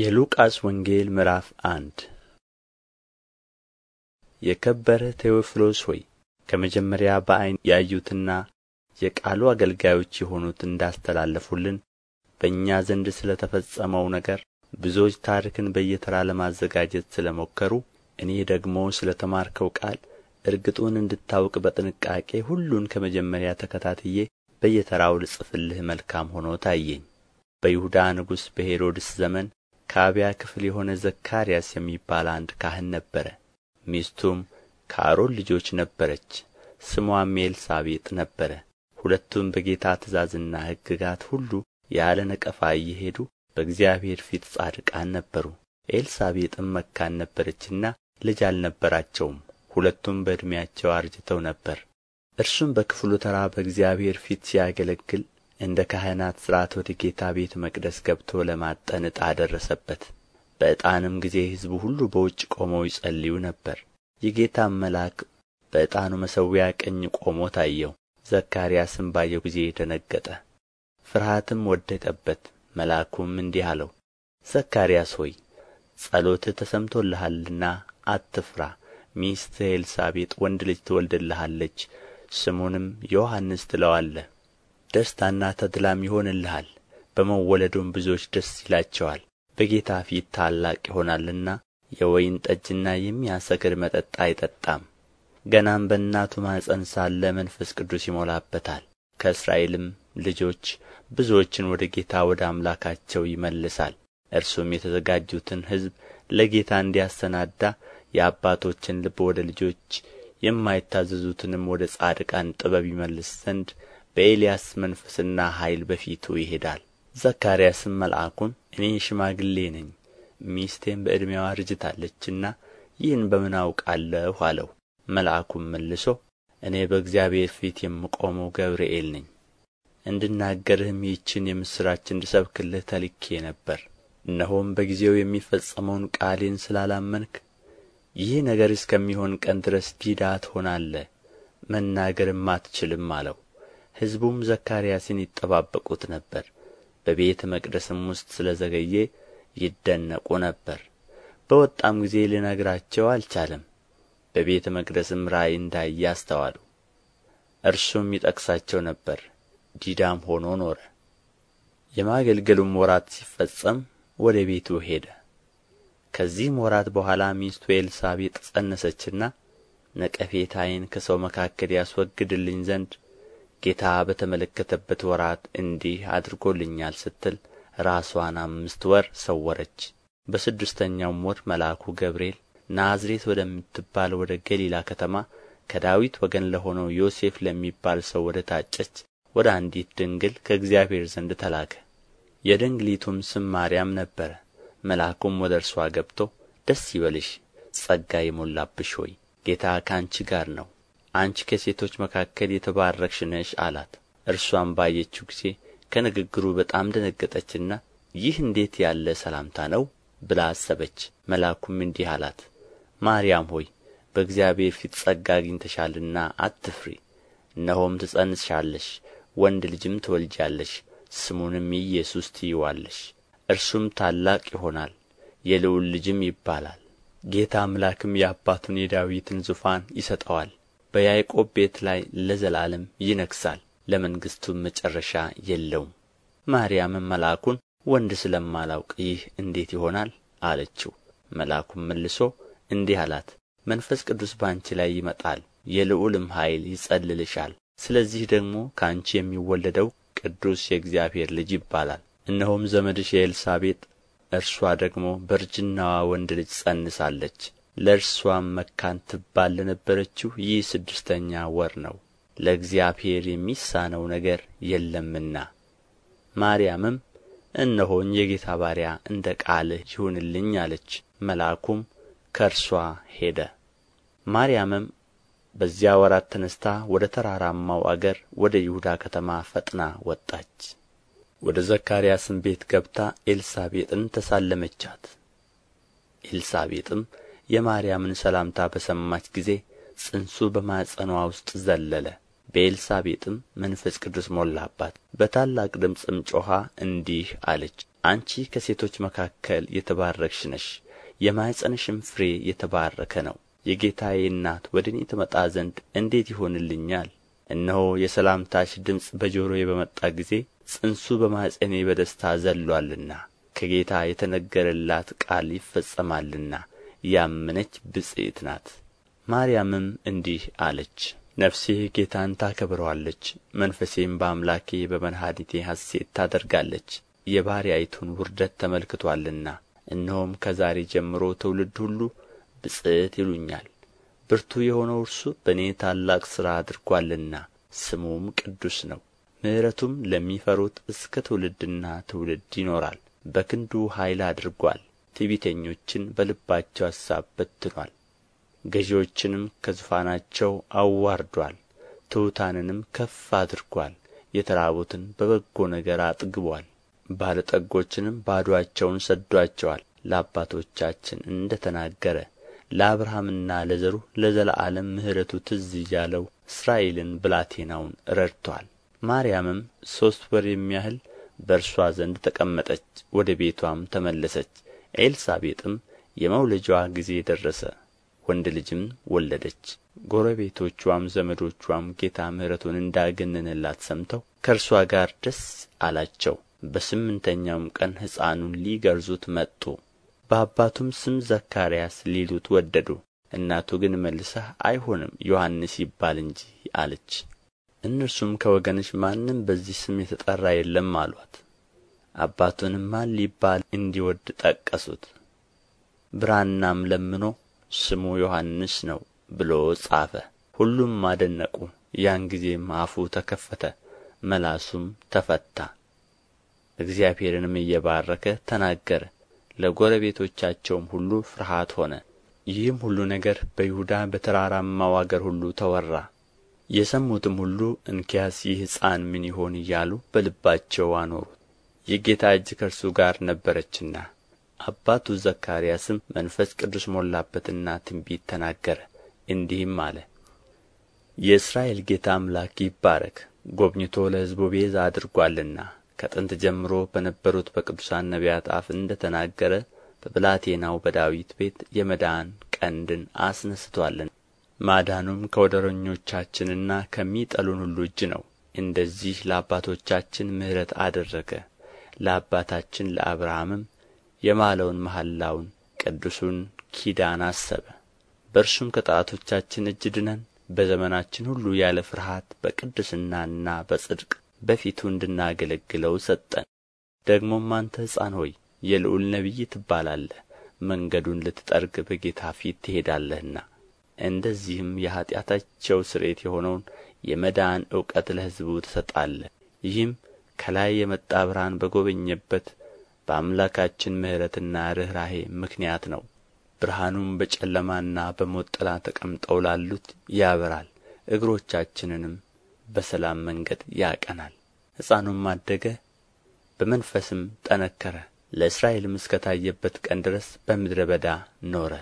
የሉቃስ ወንጌል ምዕራፍ አንድ የከበርህ ቴዎፍሎስ ሆይ ከመጀመሪያ በዓይን ያዩትና የቃሉ አገልጋዮች የሆኑት እንዳስተላለፉልን በእኛ ዘንድ ስለ ተፈጸመው ነገር ብዙዎች ታሪክን በየተራ ለማዘጋጀት ስለ ሞከሩ እኔ ደግሞ ስለ ተማርከው ቃል እርግጡን እንድታውቅ በጥንቃቄ ሁሉን ከመጀመሪያ ተከታትዬ በየተራው ልጽፍልህ መልካም ሆኖ ታየኝ። በይሁዳ ንጉሥ በሄሮድስ ዘመን ከአብያ ክፍል የሆነ ዘካርያስ የሚባል አንድ ካህን ነበረ። ሚስቱም ከአሮን ልጆች ነበረች፣ ስሟም ኤልሳቤጥ ነበረ። ሁለቱም በጌታ ትእዛዝና ሕግጋት ሁሉ ያለ ነቀፋ እየሄዱ በእግዚአብሔር ፊት ጻድቃን ነበሩ። ኤልሳቤጥም መካን ነበረችና ልጅ አልነበራቸውም። ሁለቱም በዕድሜያቸው አርጅተው ነበር። እርሱም በክፍሉ ተራ በእግዚአብሔር ፊት ሲያገለግል እንደ ካህናት ሥርዓት ወደ ጌታ ቤት መቅደስ ገብቶ ለማጠን ዕጣ ደረሰበት በዕጣንም ጊዜ ሕዝቡ ሁሉ በውጭ ቆመው ይጸልዩ ነበር የጌታም መልአክ በዕጣኑ መሠዊያ ቀኝ ቆሞ ታየው ዘካርያስም ባየው ጊዜ ደነገጠ ፍርሃትም ወደቀበት መልአኩም እንዲህ አለው ዘካርያስ ሆይ ጸሎትህ ተሰምቶልሃልና አትፍራ ሚስትህ ኤልሳቤጥ ወንድ ልጅ ትወልድልሃለች ስሙንም ዮሐንስ ትለዋለህ ደስታና ተድላም ይሆንልሃል በመወለዱም ብዙዎች ደስ ይላቸዋል በጌታ ፊት ታላቅ ይሆናልና የወይን ጠጅና የሚያሰክር መጠጥ አይጠጣም ገናም በእናቱ ማኅፀን ሳለ መንፈስ ቅዱስ ይሞላበታል ከእስራኤልም ልጆች ብዙዎችን ወደ ጌታ ወደ አምላካቸው ይመልሳል እርሱም የተዘጋጁትን ሕዝብ ለጌታ እንዲያሰናዳ የአባቶችን ልብ ወደ ልጆች የማይታዘዙትንም ወደ ጻድቃን ጥበብ ይመልስ ዘንድ በኤልያስ መንፈስና ኃይል በፊቱ ይሄዳል ዘካርያስም መልአኩን እኔ ሽማግሌ ነኝ ሚስቴም በዕድሜዋ አርጅታለችና ይህን በምን አውቃለሁ አለው መልአኩም መልሶ እኔ በእግዚአብሔር ፊት የምቆመው ገብርኤል ነኝ እንድናገርህም ይህችን የምሥራች እንድሰብክልህ ተልኬ ነበር እነሆም በጊዜው የሚፈጸመውን ቃሌን ስላላመንክ ይህ ነገር እስከሚሆን ቀን ድረስ ዲዳ ትሆናለህ መናገርም አትችልም አለው ሕዝቡም ዘካርያስን ይጠባበቁት ነበር በቤተ መቅደስም ውስጥ ስለ ዘገየ ይደነቁ ነበር በወጣም ጊዜ ሊነግራቸው አልቻለም በቤተ መቅደስም ራእይ እንዳየ አስተዋሉ እርሱም ይጠቅሳቸው ነበር ዲዳም ሆኖ ኖረ የማገልገሉም ወራት ሲፈጸም ወደ ቤቱ ሄደ ከዚህም ወራት በኋላ ሚስቱ ኤልሳቤጥ ጸነሰችና ነቀፌታዬን ከሰው መካከል ያስወግድልኝ ዘንድ ጌታ በተመለከተበት ወራት እንዲህ አድርጎልኛል ስትል ራስዋን አምስት ወር ሰወረች። በስድስተኛውም ወር መልአኩ ገብርኤል ናዝሬት ወደምትባል ወደ ገሊላ ከተማ ከዳዊት ወገን ለሆነው ዮሴፍ ለሚባል ሰው ወደ ታጨች ወደ አንዲት ድንግል ከእግዚአብሔር ዘንድ ተላከ። የድንግሊቱም ስም ማርያም ነበረ። መልአኩም ወደ እርሷ ገብቶ ደስ ይበልሽ፣ ጸጋ የሞላብሽ ሆይ ጌታ ከአንቺ ጋር ነው አንቺ ከሴቶች መካከል የተባረክሽ ነሽ አላት እርሷም ባየችው ጊዜ ከንግግሩ በጣም ደነገጠችና ይህ እንዴት ያለ ሰላምታ ነው ብላ አሰበች መልአኩም እንዲህ አላት ማርያም ሆይ በእግዚአብሔር ፊት ጸጋ አግኝተሻልና አትፍሪ እነሆም ትጸንሻለሽ ወንድ ልጅም ትወልጃለሽ ስሙንም ኢየሱስ ትይዋለሽ እርሱም ታላቅ ይሆናል የልዑል ልጅም ይባላል ጌታ አምላክም የአባቱን የዳዊትን ዙፋን ይሰጠዋል በያዕቆብ ቤት ላይ ለዘላለም ይነግሣል፣ ለመንግሥቱም መጨረሻ የለውም። ማርያምም መልአኩን ወንድ ስለማላውቅ ይህ እንዴት ይሆናል አለችው። መልአኩም መልሶ እንዲህ አላት፣ መንፈስ ቅዱስ በአንቺ ላይ ይመጣል፣ የልዑልም ኃይል ይጸልልሻል። ስለዚህ ደግሞ ከአንቺ የሚወለደው ቅዱስ የእግዚአብሔር ልጅ ይባላል። እነሆም ዘመድሽ የኤልሳቤጥ እርሷ ደግሞ በእርጅናዋ ወንድ ልጅ ጸንሳለች ለእርስዋም መካን ትባል ለነበረችው ይህ ስድስተኛ ወር ነው ለእግዚአብሔር የሚሳነው ነገር የለምና ማርያምም እነሆኝ የጌታ ባሪያ እንደ ቃልህ ይሁንልኝ አለች መልአኩም ከእርሷ ሄደ ማርያምም በዚያ ወራት ተነስታ ወደ ተራራማው አገር ወደ ይሁዳ ከተማ ፈጥና ወጣች ወደ ዘካርያስም ቤት ገብታ ኤልሳቤጥን ተሳለመቻት ኤልሳቤጥም የማርያምን ሰላምታ በሰማች ጊዜ ፅንሱ በማኅፀንዋ ውስጥ ዘለለ በኤልሳቤጥም መንፈስ ቅዱስ ሞላባት በታላቅ ድምፅም ጮኻ እንዲህ አለች አንቺ ከሴቶች መካከል የተባረክሽ ነሽ የማኅፀንሽም ፍሬ የተባረከ ነው የጌታዬ እናት ወደ እኔ ትመጣ ዘንድ እንዴት ይሆንልኛል እነሆ የሰላምታሽ ድምፅ በጆሮዬ በመጣ ጊዜ ጽንሱ በማኅፀኔ በደስታ ዘሏልና ከጌታ የተነገረላት ቃል ይፈጸማልና ያመነች ብጽዕት ናት ማርያምም እንዲህ አለች ነፍሴ ጌታን ታከብረዋለች መንፈሴም በአምላኬ በመድኃኒቴ ሐሴት ታደርጋለች የባሪያይቱን ውርደት ተመልክቶአልና እነሆም ከዛሬ ጀምሮ ትውልድ ሁሉ ብጽዕት ይሉኛል ብርቱ የሆነው እርሱ በእኔ ታላቅ ሥራ አድርጓልና ስሙም ቅዱስ ነው ምሕረቱም ለሚፈሩት እስከ ትውልድና ትውልድ ይኖራል በክንዱ ኃይል አድርጓል ትዕቢተኞችን በልባቸው አሳብ በትኗል። ገዢዎችንም ከዙፋናቸው አዋርዷል። ትሑታንንም ከፍ አድርጓል የተራቡትን በበጎ ነገር አጥግቧል ባለጠጎችንም ባዶአቸውን ሰዷቸዋል። ለአባቶቻችን እንደ ተናገረ ለአብርሃምና ለዘሩ ለዘላለም ምሕረቱ ትዝ እያለው እስራኤልን ብላቴናውን ረድቶአል። ማርያምም ሦስት ወር የሚያህል በእርሷ ዘንድ ተቀመጠች፣ ወደ ቤቷም ተመለሰች። ኤልሳቤጥም የመውለጃዋ ጊዜ ደረሰ ወንድ ልጅም ወለደች ጎረቤቶቿም ዘመዶቿም ጌታ ምሕረቱን እንዳገነነላት ሰምተው ከእርሷ ጋር ደስ አላቸው በስምንተኛውም ቀን ሕፃኑን ሊገርዙት መጡ በአባቱም ስም ዘካርያስ ሊሉት ወደዱ እናቱ ግን መልሳህ አይሆንም ዮሐንስ ይባል እንጂ አለች እነርሱም ከወገንሽ ማንም በዚህ ስም የተጠራ የለም አሏት አባቱንም ማን ሊባል እንዲወድ ጠቀሱት ብራናም ለምኖ ስሙ ዮሐንስ ነው ብሎ ጻፈ ሁሉም አደነቁ ያን ጊዜም አፉ ተከፈተ መላሱም ተፈታ እግዚአብሔርንም እየባረከ ተናገረ ለጎረቤቶቻቸውም ሁሉ ፍርሃት ሆነ ይህም ሁሉ ነገር በይሁዳ በተራራማው አገር ሁሉ ተወራ የሰሙትም ሁሉ እንኪያስ ይህ ሕፃን ምን ይሆን እያሉ በልባቸው አኖሩት የጌታ እጅ ከእርሱ ጋር ነበረችና አባቱ ዘካርያስም መንፈስ ቅዱስ ሞላበትና ትንቢት ተናገረ እንዲህም አለ የእስራኤል ጌታ አምላክ ይባረክ ጐብኝቶ ለሕዝቡ ቤዛ አድርጓልና ከጥንት ጀምሮ በነበሩት በቅዱሳን ነቢያት አፍ እንደ ተናገረ በብላቴናው በዳዊት ቤት የመዳን ቀንድን አስነስቶአልና ማዳኑም ከወደረኞቻችንና ከሚጠሉን ሁሉ እጅ ነው እንደዚህ ለአባቶቻችን ምሕረት አደረገ ለአባታችን ለአብርሃምም የማለውን መሐላውን ቅዱሱን ኪዳን አሰበ በእርሱም ከጣዖቶቻችን እጅ ድነን በዘመናችን ሁሉ ያለ ፍርሃት በቅድስናና በጽድቅ በፊቱ እንድናገለግለው ሰጠን። ደግሞም አንተ ሕፃን ሆይ የልዑል ነቢይ ትባላለህ፣ መንገዱን ልትጠርግ በጌታ ፊት ትሄዳለህና። እንደዚህም የኀጢአታቸው ስርየት የሆነውን የመዳን እውቀት ለሕዝቡ ትሰጣለህ። ይህም ከላይ የመጣ ብርሃን በጎበኘበት በአምላካችን ምሕረትና ርኅራሄ ምክንያት ነው ብርሃኑም በጨለማና በሞት ጥላ ተቀምጠው ላሉት ያበራል እግሮቻችንንም በሰላም መንገድ ያቀናል ሕፃኑም አደገ በመንፈስም ጠነከረ ለእስራኤልም እስከ ታየበት ቀን ድረስ በምድረ በዳ ኖረ